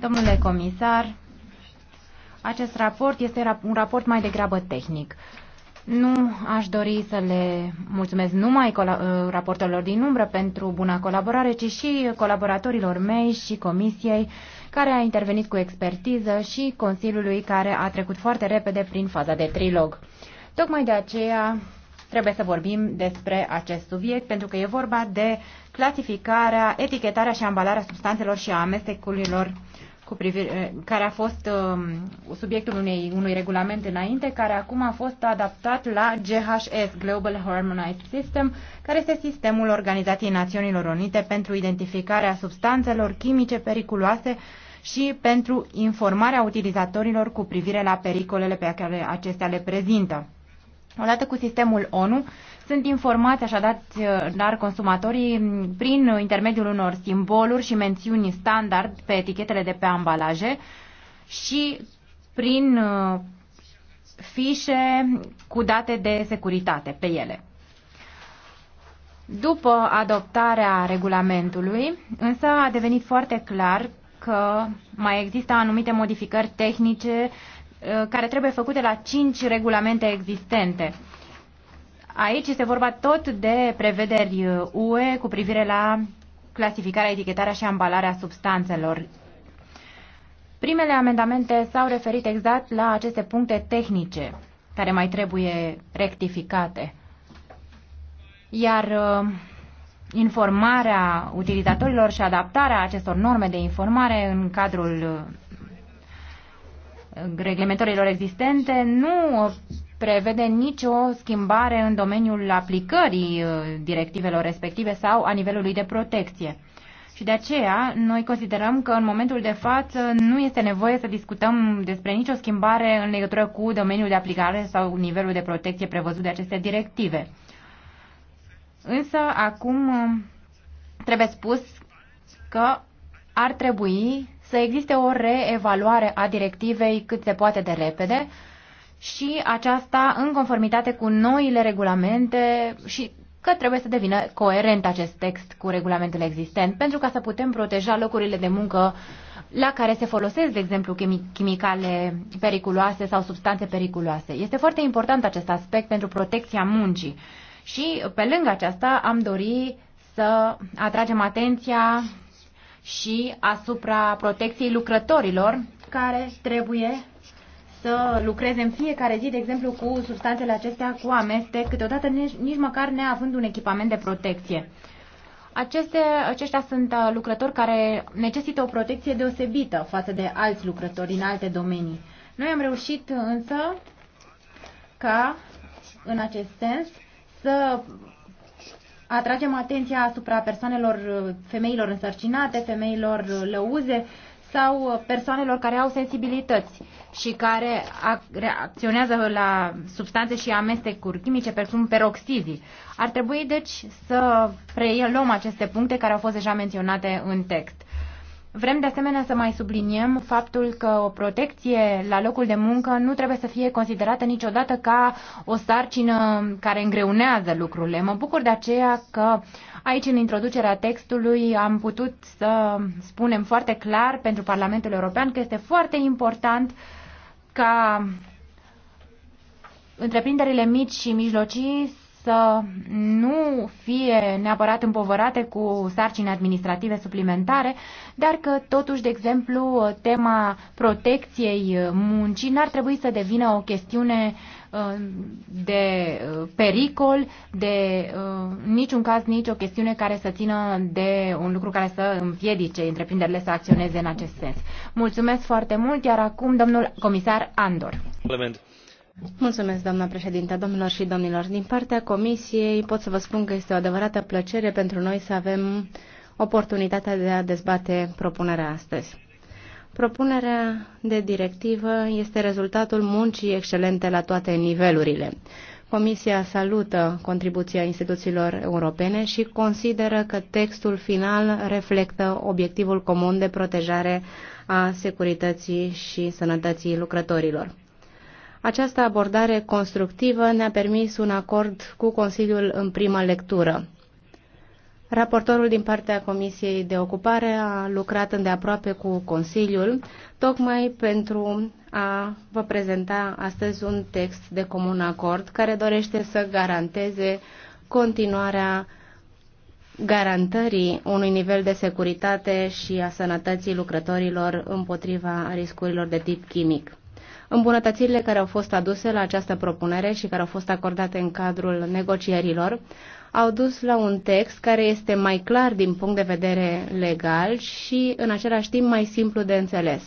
Domnule comisar, acest raport este un raport mai degrabă tehnic. Nu aș dori să le mulțumesc numai uh, raportelor din umbră pentru buna colaborare, ci și colaboratorilor mei și comisiei care a intervenit cu expertiză și Consiliului care a trecut foarte repede prin faza de trilog. Tocmai de aceea trebuie să vorbim despre acest subiect, pentru că e vorba de clasificarea, etichetarea și ambalarea substanțelor și a amestecurilor cu privire, eh, care a fost uh, subiectul unei, unui regulament înainte, care acum a fost adaptat la GHS, Global Harmonized System, care este sistemul Organizației Națiunilor Unite pentru identificarea substanțelor chimice periculoase și pentru informarea utilizatorilor cu privire la pericolele pe care acestea le prezintă. Odată cu sistemul ONU, sunt informați așadar dar consumatorii prin intermediul unor simboluri și mențiuni standard pe etichetele de pe ambalaje și prin uh, fișe cu date de securitate pe ele. După adoptarea regulamentului, însă a devenit foarte clar că mai există anumite modificări tehnice uh, care trebuie făcute la cinci regulamente existente. Aici este vorba tot de prevederi UE uh, cu privire la clasificarea, etichetarea și ambalarea substanțelor. Primele amendamente s-au referit exact la aceste puncte tehnice care mai trebuie rectificate. Iar uh, informarea utilizatorilor și adaptarea acestor norme de informare în cadrul uh, reglementărilor existente nu prevede nicio schimbare în domeniul aplicării uh, directivelor respective sau a nivelului de protecție. Și de aceea, noi considerăm că în momentul de față nu este nevoie să discutăm despre nicio schimbare în legătură cu domeniul de aplicare sau nivelul de protecție prevăzut de aceste directive. Însă, acum uh, trebuie spus că ar trebui să existe o reevaluare a directivei cât se poate de repede și aceasta în conformitate cu noile regulamente și că trebuie să devină coerent acest text cu regulamentul existent pentru ca să putem proteja locurile de muncă la care se folosesc, de exemplu, chimicale periculoase sau substanțe periculoase. Este foarte important acest aspect pentru protecția muncii. Și pe lângă aceasta am dori să atragem atenția și asupra protecției lucrătorilor care trebuie să lucreze în fiecare zi, de exemplu, cu substanțele acestea, cu amestec, câteodată nici, nici măcar neavând un echipament de protecție. Aceste, aceștia sunt uh, lucrători care necesită o protecție deosebită față de alți lucrători din alte domenii. Noi am reușit însă ca, în acest sens, să atragem atenția asupra persoanelor, femeilor însărcinate, femeilor uh, lăuze sau uh, persoanelor care au sensibilități și care reacționează la substanțe și amestecuri chimice, precum peroxizii. Ar trebui, deci, să preluăm aceste puncte care au fost deja menționate în text. Vrem de asemenea să mai subliniem faptul că o protecție la locul de muncă nu trebuie să fie considerată niciodată ca o sarcină care îngreunează lucrurile. Mă bucur de aceea că aici în introducerea textului am putut să spunem foarte clar pentru Parlamentul European că este foarte important uh, ca întreprinderile mici și mijlocii să nu fie neapărat împovărate cu sarcini administrative suplimentare, dar că totuși, de exemplu, tema protecției muncii n-ar trebui să devină o chestiune uh, de uh, pericol, de uh, niciun caz, nici o chestiune care să țină de un lucru care să împiedice întreprinderile să acționeze în acest sens. Mulțumesc foarte mult, iar acum domnul comisar Andor. Element. Mulțumesc, doamna președinte, domnilor și domnilor. Din partea Comisiei pot să vă spun că este o adevărată plăcere pentru noi să avem oportunitatea de a dezbate propunerea astăzi. Propunerea de directivă este rezultatul muncii excelente la toate nivelurile. Comisia salută contribuția instituțiilor europene și consideră că textul final reflectă obiectivul comun de protejare a securității și sănătății lucrătorilor. Această abordare constructivă ne-a permis un acord cu Consiliul în primă lectură. Raportorul din partea Comisiei de Ocupare a lucrat îndeaproape cu Consiliul, tocmai pentru a vă prezenta astăzi un text de comun acord care dorește să garanteze continuarea garantării unui nivel de securitate și a sănătății lucrătorilor împotriva riscurilor de tip chimic. Îmbunătățirile care au fost aduse la această propunere și care au fost acordate în cadrul negocierilor au dus la un text care este mai clar din punct de vedere legal și în același timp mai simplu de înțeles.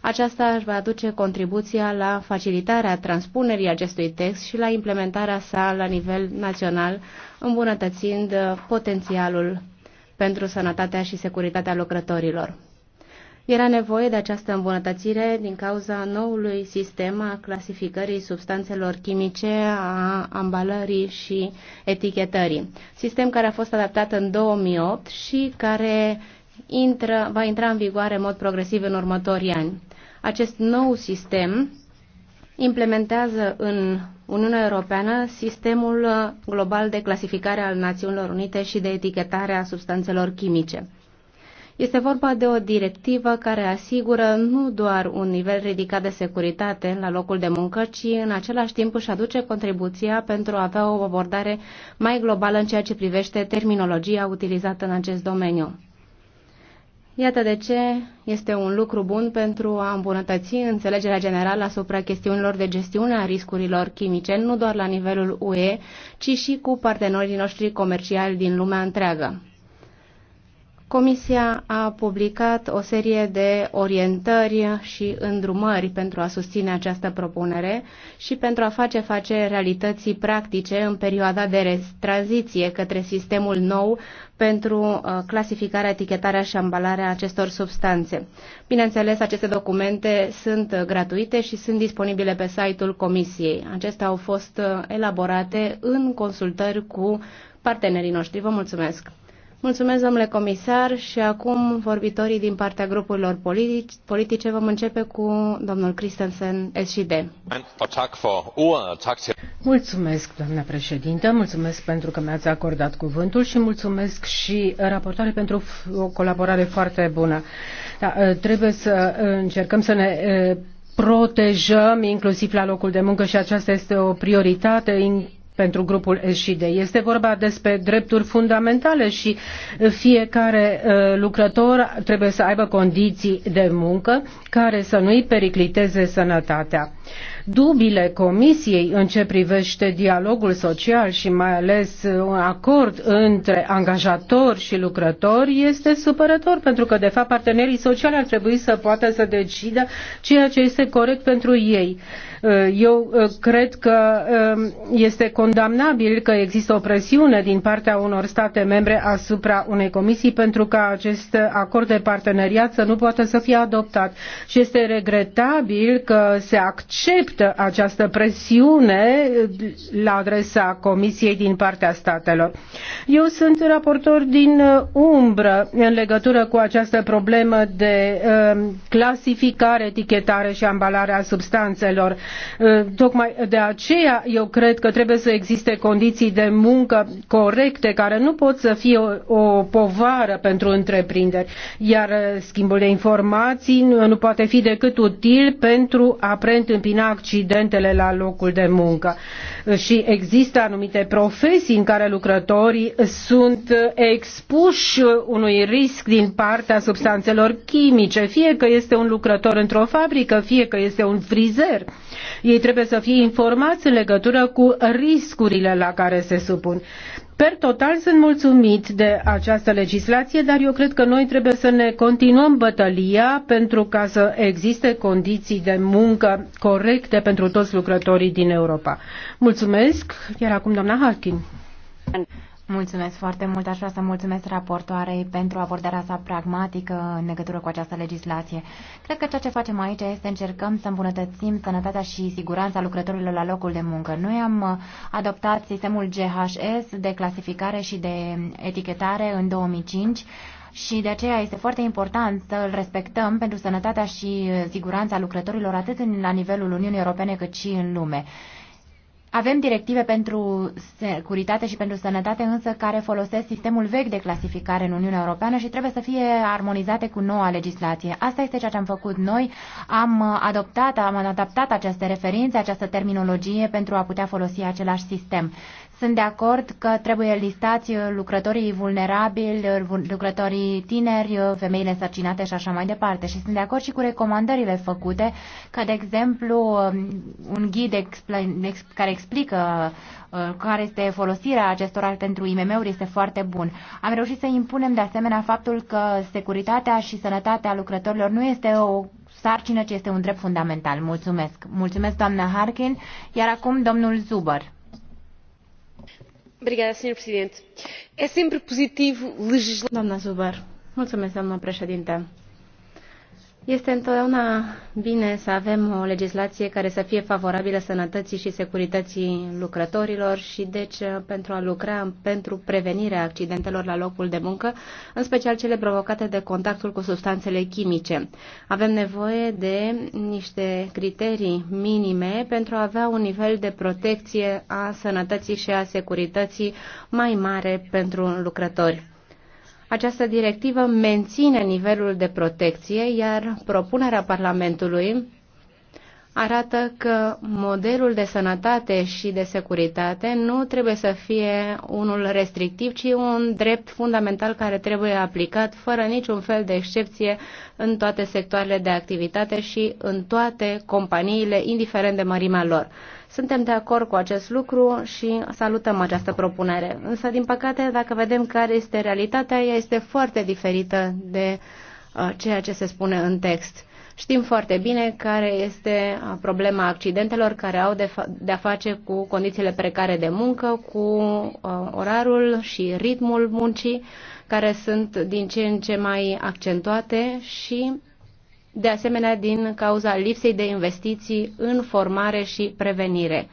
Aceasta își va aduce contribuția la facilitarea transpunerii acestui text și la implementarea sa la nivel național, îmbunătățind uh, potențialul pentru sănătatea și securitatea lucrătorilor. Era nevoie de această îmbunătățire din cauza noului sistem a clasificării substanțelor chimice, a ambalării și etichetării. Sistem care a fost adaptat în 2008 și care intră, va intra în vigoare în mod progresiv în următorii ani. Acest nou sistem implementează în Uniunea Europeană sistemul global de clasificare al Națiunilor Unite și de etichetare a substanțelor chimice. Este vorba de o directivă care asigură nu doar un nivel ridicat de securitate la locul de muncă, ci în același timp își aduce contribuția pentru a avea o abordare mai globală în ceea ce privește terminologia utilizată în acest domeniu. Iată de ce este un lucru bun pentru a îmbunătăți înțelegerea generală asupra chestiunilor de gestiune a riscurilor chimice, nu doar la nivelul UE, ci și cu partenerii noștri comerciali din lumea întreagă. Comisia a publicat o serie de orientări și îndrumări pentru a susține această propunere și pentru a face face realității practice în perioada de tranziție către sistemul nou pentru uh, clasificarea, etichetarea și ambalarea acestor substanțe. Bineînțeles, aceste documente sunt gratuite și sunt disponibile pe site-ul Comisiei. Acestea au fost uh, elaborate în consultări cu partenerii noștri. Vă mulțumesc! Mulțumesc, domnule comisar, și acum vorbitorii din partea grupurilor politici, politice vom începe cu domnul Christensen, SCD. Oh, mulțumesc, doamna președintă, mulțumesc pentru că mi-ați acordat cuvântul și mulțumesc și raportoare pentru o colaborare foarte bună. Da, ă, trebuie să încercăm să ne ă, protejăm inclusiv la locul de muncă și aceasta este o prioritate pentru grupul SID. Este vorba despre drepturi fundamentale și fiecare uh, lucrător trebuie să aibă condiții de muncă care să nu-i pericliteze sănătatea dubile Comisiei în ce privește dialogul social și mai ales uh, un acord între angajatori și lucrători este supărător, pentru că, de fapt, partenerii sociali ar trebui să poată să decidă ceea ce este corect pentru ei. Uh, eu uh, cred că um, este condamnabil că există o presiune din partea unor state membre asupra unei comisii pentru ca acest acord de parteneriat să nu poată să fie adoptat. Și este regretabil că se acceptă liptă această presiune la adresa Comisiei din partea statelor. Eu sunt raportor din umbră în legătură cu această problemă de um, clasificare, etichetare și ambalare a substanțelor. Uh, tocmai de aceea eu cred că trebuie să existe condiții de muncă corecte care nu pot să fie o, o povară pentru întreprinderi, iar uh, schimbul de informații nu poate fi decât util pentru a preîntâmpina accidentele la locul de muncă. Și există anumite profesii în care lucrătorii sunt expuși unui risc din partea substanțelor chimice, fie că este un lucrător într-o fabrică, fie că este un frizer. Ei trebuie să fie informați în legătură cu riscurile la care se supun. Per total sunt mulțumit de această legislație, dar eu cred că noi trebuie să ne continuăm bătălia pentru ca să existe condiții de muncă corecte pentru toți lucrătorii din Europa. Mulțumesc, iar acum doamna Harkin. Mulțumesc foarte mult. Aș vrea să mulțumesc raportoarei pentru abordarea sa pragmatică în legătură cu această legislație. Cred că ceea ce facem aici este încercăm să îmbunătățim sănătatea și siguranța lucrătorilor la locul de muncă. Noi am adoptat sistemul GHS de clasificare și de etichetare în 2005 și de aceea este foarte important să îl respectăm pentru sănătatea și siguranța lucrătorilor atât la nivelul Uniunii Europene cât și în lume. Avem directive pentru securitate și pentru sănătate, însă care folosesc sistemul vechi de clasificare în Uniunea Europeană și trebuie să fie armonizate cu noua legislație. Asta este ceea ce am făcut noi. Am adoptat, am adaptat aceste referințe, această terminologie pentru a putea folosi același sistem. Sunt de acord că trebuie listați uh, lucrătorii vulnerabili, uh, lucrătorii tineri, uh, femeile sarcinate și așa mai departe. Și sunt de acord și cu recomandările făcute, ca de exemplu um, un ghid care explică care este folosirea acestora pentru IMM-uri este foarte bun. Am reușit să impunem de asemenea faptul că securitatea și sănătatea lucrătorilor nu este o sarcină, ci este un drept fundamental. Mulțumesc. Mulțumesc, doamna Harkin. Iar acum, domnul Zuber. Mulțumesc, doamna președinte este întotdeauna bine să avem o legislație care să fie favorabilă sănătății și securității lucrătorilor și deci pentru a lucra pentru prevenirea accidentelor la locul de muncă, în special cele provocate de contactul cu substanțele chimice. Avem nevoie de niște criterii minime pentru a avea un nivel de protecție a sănătății și a securității mai mare pentru lucrători. Această directivă menține nivelul de protecție, iar propunerea Parlamentului arată că modelul de sănătate și de securitate nu trebuie să fie unul restrictiv, ci un drept fundamental care trebuie aplicat fără niciun fel de excepție în toate sectoarele de activitate și în toate companiile, indiferent de mărimea lor. Suntem de acord cu acest lucru și salutăm această propunere. Însă, din păcate, dacă vedem care este realitatea, ea este foarte diferită de uh, ceea ce se spune în text. Știm foarte bine care este uh, problema accidentelor care au de-a face cu condițiile precare de muncă, cu uh, orarul și ritmul muncii, care sunt din ce în ce mai accentuate și de asemenea din cauza lipsei de investiții în formare și prevenire.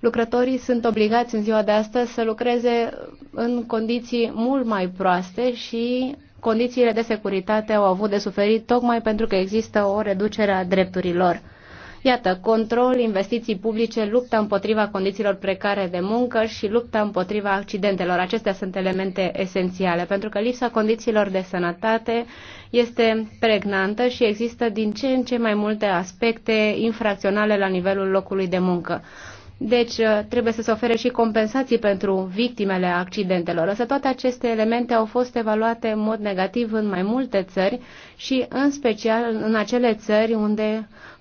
Lucrătorii sunt obligați în ziua de astăzi să lucreze în condiții mult mai proaste și condițiile de securitate au avut de suferit tocmai pentru că există o reducere a drepturilor. Iată, control, investiții publice, lupta împotriva condițiilor precare de muncă și lupta împotriva accidentelor. Acestea sunt elemente esențiale, pentru că lipsa condițiilor de sănătate este pregnantă și există din ce în ce mai multe aspecte infracționale la nivelul locului de muncă. Deci uh, trebuie să se ofere și compensații pentru victimele accidentelor. Însă toate aceste elemente au fost evaluate în mod negativ în mai multe țări și în special în acele țări unde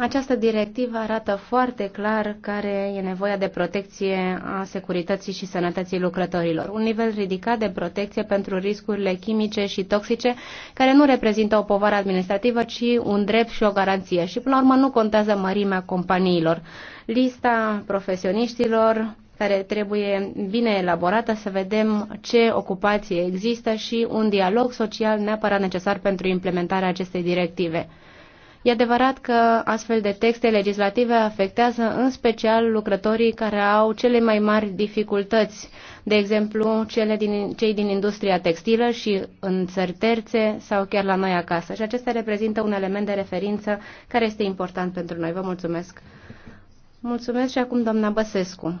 această directivă arată foarte clar care e nevoia de protecție a securității și sănătății lucrătorilor. Un nivel ridicat de protecție pentru riscurile chimice și toxice, care nu reprezintă o povară administrativă, ci un drept și o garanție. Și, până la urmă, nu contează mărimea companiilor. Lista profesioniștilor care trebuie bine elaborată să vedem ce ocupație există și un dialog social neapărat necesar pentru implementarea acestei directive. E adevărat că astfel de texte legislative afectează în special lucrătorii care au cele mai mari dificultăți, de exemplu cele din, cei din industria textilă și în țări terțe sau chiar la noi acasă. Și acesta reprezintă un element de referință care este important pentru noi. Vă mulțumesc! Mulțumesc și acum doamna Băsescu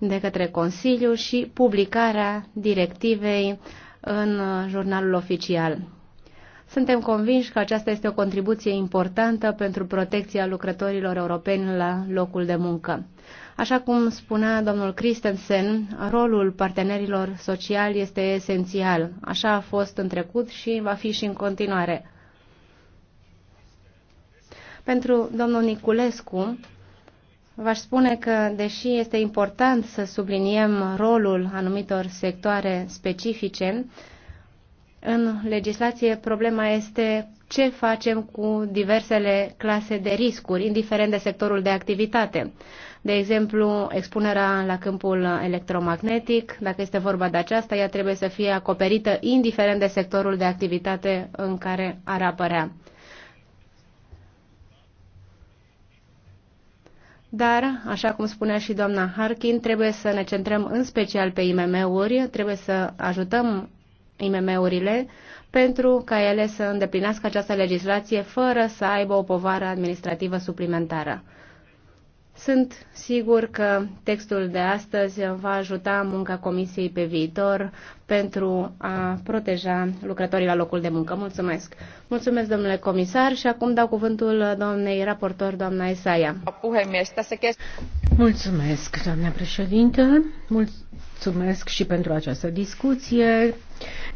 de către Consiliu și publicarea directivei în jurnalul oficial. Suntem convinși că aceasta este o contribuție importantă pentru protecția lucrătorilor europeni la locul de muncă. Așa cum spunea domnul Christensen, rolul partenerilor sociali este esențial. Așa a fost în trecut și va fi și în continuare. Pentru domnul Niculescu, V-aș spune că, deși este important să subliniem rolul anumitor sectoare specifice, în legislație problema este ce facem cu diversele clase de riscuri, indiferent de sectorul de activitate. De exemplu, expunerea la câmpul electromagnetic, dacă este vorba de aceasta, ea trebuie să fie acoperită indiferent de sectorul de activitate în care ar apărea. Dar, așa cum spunea și doamna Harkin, trebuie să ne centrăm în special pe IMM-uri, trebuie să ajutăm IMM-urile pentru ca ele să îndeplinească această legislație fără să aibă o povară administrativă suplimentară. Sunt sigur că textul de astăzi va ajuta munca Comisiei pe viitor pentru a proteja lucrătorii la locul de muncă. Mulțumesc! Mulțumesc, domnule comisar, și acum dau cuvântul doamnei raportor, doamna Esaia. Mulțumesc, doamna președintă, mulțumesc și pentru această discuție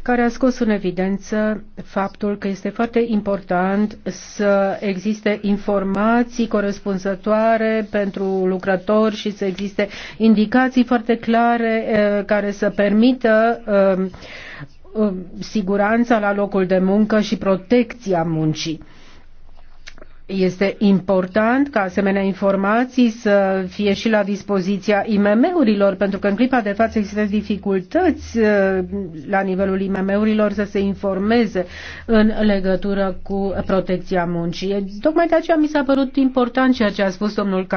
care a scos în evidență faptul că este foarte important să existe informații corespunzătoare pentru lucrători și să existe indicații foarte clare eh, care să permită eh, eh, siguranța la locul de muncă și protecția muncii. Este important ca asemenea informații să fie și la dispoziția IMM-urilor, pentru că în clipa de față există dificultăți uh, la nivelul IMM-urilor să se informeze în legătură cu protecția muncii. Tocmai de aceea mi s-a părut important ceea ce a spus domnul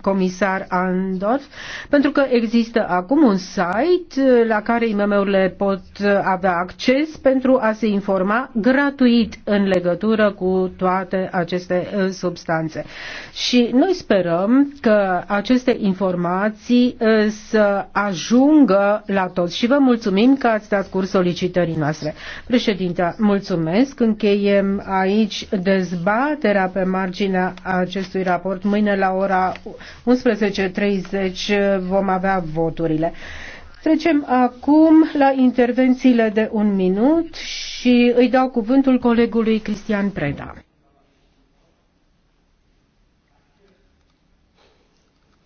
comisar Andorf, pentru că există acum un site uh, la care IMM-urile pot uh, avea acces pentru a se informa gratuit în legătură cu toate aceste Uh, substanțe. Și noi sperăm că aceste informații uh, să ajungă la toți și vă mulțumim că ați dat curs solicitării noastre. Președinte, mulțumesc. Încheiem aici dezbaterea pe marginea acestui raport. Mâine la ora 11.30 uh, vom avea voturile. Trecem acum la intervențiile de un minut și îi dau cuvântul colegului Cristian Preda.